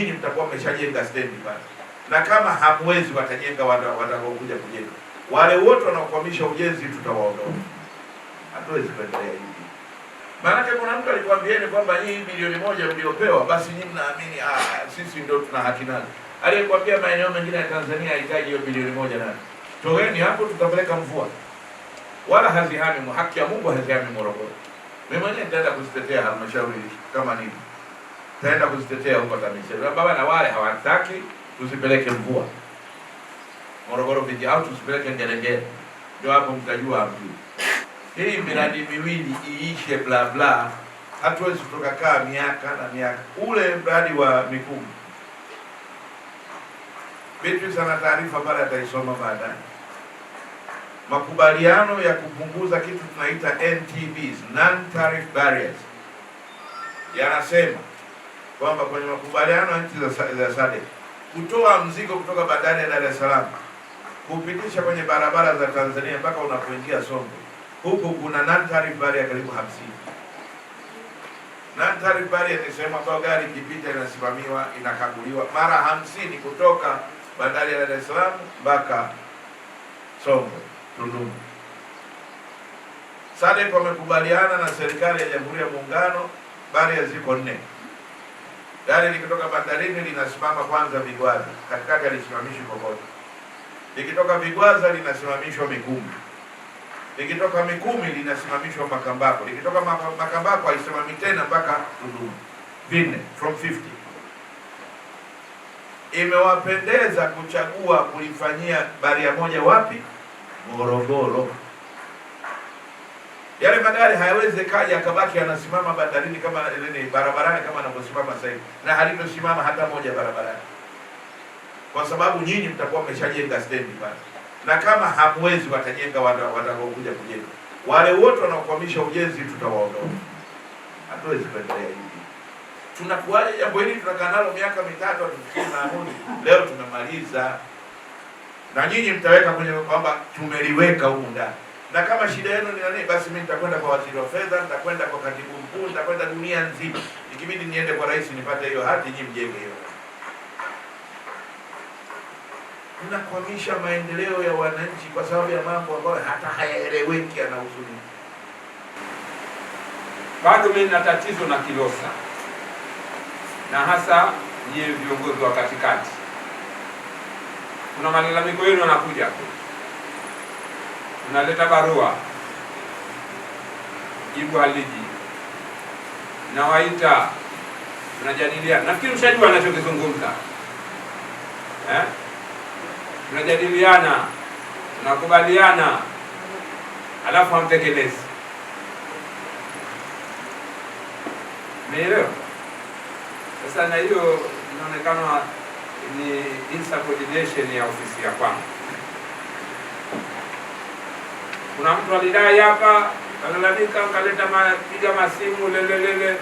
nyinyi mtakuwa mmeshajenga stendi pale, na kama hamwezi watajenga watakaokuja kujenga. Wale wote wanaokwamisha ujenzi tutawaondoa, hatuwezi kuendelea hivi. Maanake kuna mtu alikwambieni kwamba hii milioni moja mliopewa, basi nyinyi mnaamini ah, sisi ndio tuna haki nazo. Aliyekwambia maeneo mengine ya Tanzania hahitaji hiyo bilioni moja nani, toweni hapo, tutapeleka mvua. Wala hazihami haki ya Mungu hazihami Morogoro. Mimi mwenyewe nitaenda kuzitetea halmashauri kama nini taenda kuzitetea huko TAMISEMI baba, na wale hawataki tusipeleke mvua Morogoro viji au tusipeleke Ngerengere, ndio hapo mtajua mjuu. Hii miradi miwili iishe bla bla, hatuwezi kaa miaka na miaka. Ule mradi wa Mikumi vitu sana, taarifa pale ataisoma baadaye. Makubaliano ya kupunguza kitu tunaita NTBs, non tariff barriers, yanasema kwamba kwenye makubaliano ya nchi za SADC kutoa mzigo kutoka bandari ya Dar es Salaam kupitisha kwenye barabara za Tanzania mpaka unapoingia Songwe, huku kuna non tariff barrier ya karibu hamsini. Non tariff barrier ni sehemu ambayo gari ikipita inasimamiwa, inakaguliwa mara hamsini kutoka bandari ya Dar es Salaam mpaka Songwe, Tunduma. SADC wamekubaliana na serikali ya Jamhuri ya Muungano, barrier ziko nne. Gari likitoka bandarini linasimama kwanza Vigwaza, katikati alisimamishi kokote. Likitoka Vigwaza linasimamishwa Mikumi, likitoka Mikumi linasimamishwa Makambako, likitoka Makambako halisimami tena mpaka Tunduma vinne from 50. Imewapendeza kuchagua kulifanyia moja wapi? Morogoro. Yale magari hayawezi kaja akabaki anasimama bandarini kama nini, barabarani kama anavyosimama sasa hivi, na halitosimama hata moja barabarani, kwa sababu nyinyi mtakuwa mmeshajenga stendi pale, na kama hamwezi, watajenga watakokuja kujenga. Wale wote wanaokwamisha ujenzi tutawaondoa, hatuwezi kuendelea hivi. Tunakuaje jambo hili? Tunakaa nalo miaka mitatu hatufikie maamuzi. Leo tumemaliza, na nyinyi mtaweka kwenye kwamba tumeliweka huko ndani na kama shida yenu ni nani, basi mimi nitakwenda kwa waziri wa fedha, nitakwenda kwa katibu mkuu, nitakwenda dunia nzima, ikibidi niende kwa rais nipate hiyo hati, nyinyi mjenge hiyo. Mnakwamisha maendeleo ya wananchi kwa sababu ya mambo ambayo hata hayaeleweki, yana Bado mimi nina tatizo na Kilosa na hasa nyie viongozi wa katikati, kuna malalamiko yenu yanakuja unaleta barua, jibu haliji, nawaita, unajadiliana. Nafikiri mshajua anachokizungumza eh? Unajadiliana, nakubaliana alafu amtekelezi Umeelewa? Sasa na hiyo inaonekana ni insubordination ya ofisi ya kwangu. Kuna mtu alidai hapa, kalalamika, nkaleta piga masimu lelelele,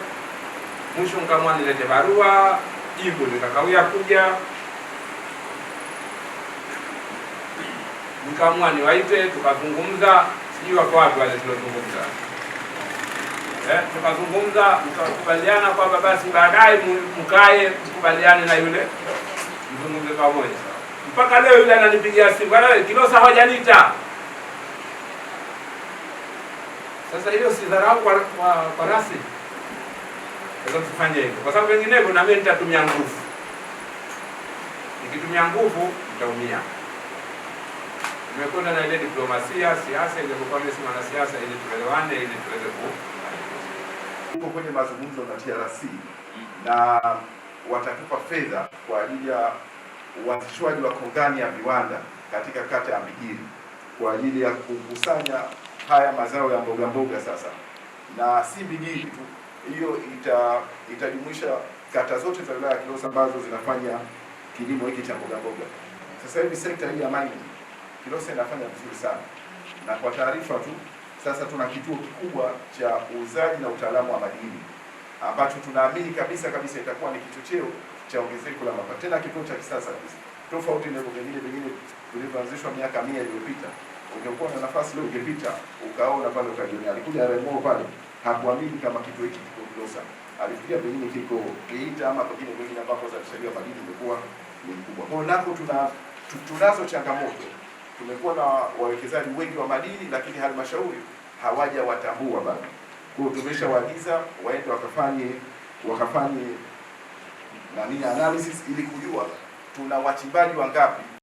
mwisho nkamwa nilete barua, jibu nikakawia kuja, nikamwa niwaite, tukazungumza, sijui wako watu wale tuliozungumza eh, tukazungumza, mkakubaliana kwamba basi baadaye mkae mkubaliane na yule mzungumze pamoja. Mpaka leo yule ananipigia simu, Kilosa, hawajaniita sasa si sidharau kwa farasi, tufanye hivyo kwa sababu vinginevyo nami nitatumia nguvu, nikitumia nguvu nitaumia. Nimekwenda na ile diplomasia, siasa kwa mimi si mwanasiasa, ili tuelewane, ili tuweze ku uko kwenye mazungumzo na TRC na watatupa fedha kwa ajili ya uanzishwaji wa kongani ya viwanda katika kata ya Migiri kwa ajili ya kukusanya haya mazao ya mboga mboga sasa, na si bidii tu hiyo, ita itajumuisha kata zote za wilaya ya Kilosa ambazo zinafanya kilimo hiki cha mboga mboga. Sasa hivi sekta hii ya maji Kilosa inafanya vizuri sana, na kwa taarifa tu sasa tuna kituo kikubwa cha uuzaji na utaalamu wa madini ambacho tunaamini kabisa kabisa itakuwa ni kichocheo cha ongezeko la mapato, tena kituo cha kisasa kabisa, tofauti na vingine vingine vilivyoanzishwa miaka mia iliyopita ungekuwa na nafasi leo ungepita ukaona pale ukajionea. Alikuja Remo pale hakuamini kama kitu hiki kiko Mlosa, alifikia pengine kiko Geita ama pengine kwingine ambapo uzalishaji wa madini umekuwa ni mkubwa. Kwa nako tuna tunazo changamoto. Tumekuwa na wawekezaji wengi wa madini, lakini halmashauri watambua bado. Kwa hiyo tumeshawaagiza waende wakafanye wakafanye nani analysis ili kujua tuna wachimbaji wangapi